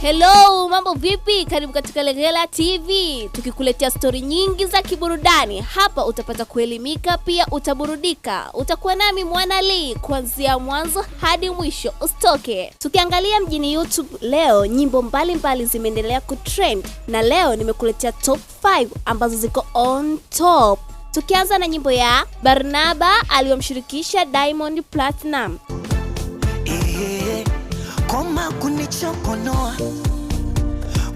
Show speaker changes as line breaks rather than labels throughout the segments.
Hello, mambo vipi? Karibu katika Legela TV, tukikuletea stori nyingi za kiburudani. Hapa utapata kuelimika, pia utaburudika. Utakuwa nami Mwana Lee kuanzia mwanzo hadi mwisho, usitoke. Tukiangalia mjini YouTube leo, nyimbo mbalimbali zimeendelea kutrend na leo nimekuletea top 5 ambazo ziko on top, tukianza na nyimbo ya Barnaba aliyomshirikisha Diamond Platinum umechokonoa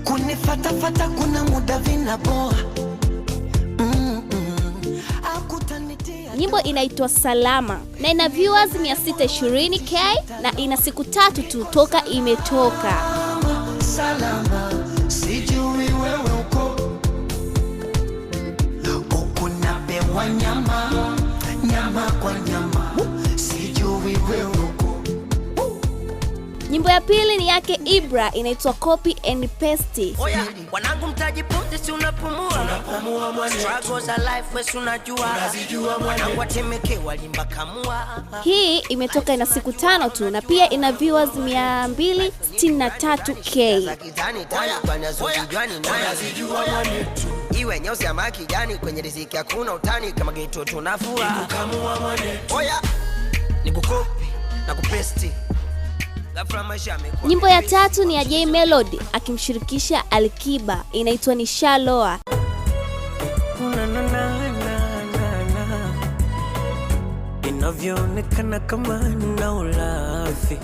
kunifatafata, kuna muda vinaboa mm Nyimbo inaitwa Salama na ina viewers 620k na ina siku tatu tu toka imetoka. Salama, sijui wewe uko huku napewa nyama nyama kwa ya pili ni yake Ibra inaitwa copy and paste. wanangu mtaji pote si unapumua. Unapumua mwana. life wewe unajua. mwana. Watemeke walimba kamua. Hii imetoka ina siku tano tu na pia ina viewers 263k. Unazijua mwana iwe nyeusi ama kijani, kwenye riziki hakuna utani, kama geto tunafua. Oya, na kupesti Nyimbo ya tatu ni ya Jay Melody akimshirikisha Alikiba inaitwa Nishaloa. Inavyoonekana kama na ulafi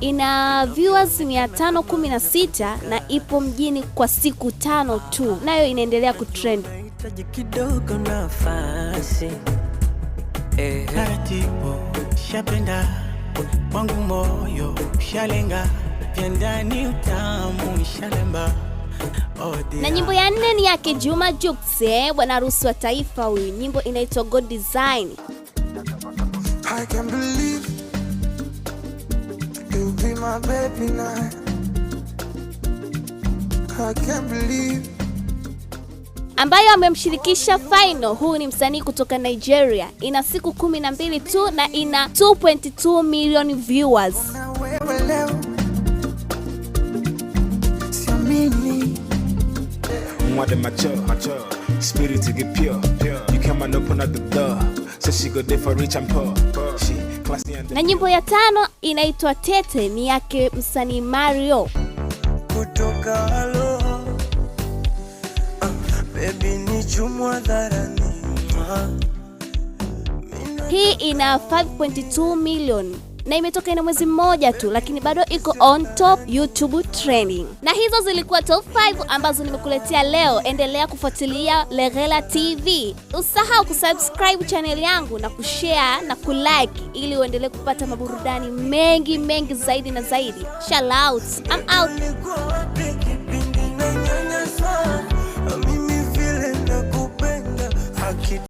ina viewers 516 na ipo mjini kwa siku tano tu, nayo inaendelea kutrend wangu moyo shalenga vya ndani utamu shalemba na nyimbo ya nne ni yake Juma Jux, eh, bwana harusi wa taifa huyu. Nyimbo inaitwa God Design. I can believe you'll be my baby now. I can believe ambayo amemshirikisha faino Huu ni msanii kutoka Nigeria, ina siku kumi na mbili tu na ina 2.2 million viewers. Na nyimbo ya tano inaitwa Tete, ni yake msanii Mario kutoka Baby ni chumwa dharani. Hii ina 5.2 million na imetoka ina mwezi mmoja tu, lakini bado iko on top YouTube trending. Na hizo zilikuwa top 5 ambazo nimekuletea leo. Endelea kufuatilia Leghela TV, usahau kusubscribe channel yangu na kushare na kulike, ili uendelee kupata maburudani mengi mengi zaidi na zaidi. Shout out. I'm out.